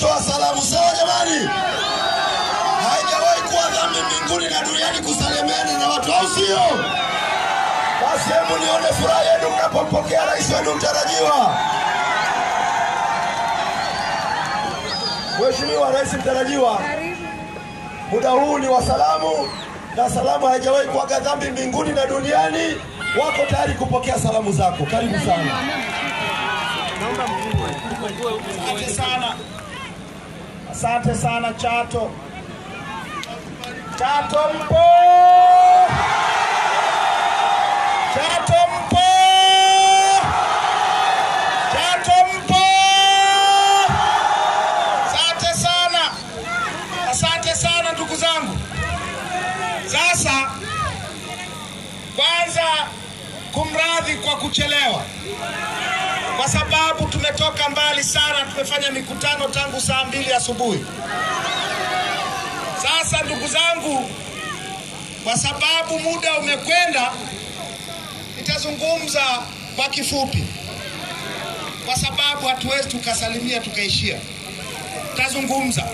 kutoa salamu sawa, jamani. Haijawahi kuwa dhambi mbinguni na duniani kusalimiana na watu, au sio? Basi hebu nione furaha yenu mnapompokea rais wenu mtarajiwa, Mheshimiwa Rais mtarajiwa. Muda huu ni wa salamu, na salamu haijawahi kuwaga dhambi mbinguni na duniani. Wako tayari kupokea salamu zako, karibu sana. Asante sana. Asante sana Chato. Chato mpo? Chato mpo? Chato mpo? Asante sana, asante sana ndugu zangu. Sasa kwanza, kumradhi kwa kuchelewa sababu tumetoka mbali sana, tumefanya mikutano tangu saa mbili asubuhi. Sasa ndugu zangu, kwa sababu muda umekwenda, nitazungumza kwa kifupi, kwa sababu hatuwezi tukasalimia tukaishia. tazungumza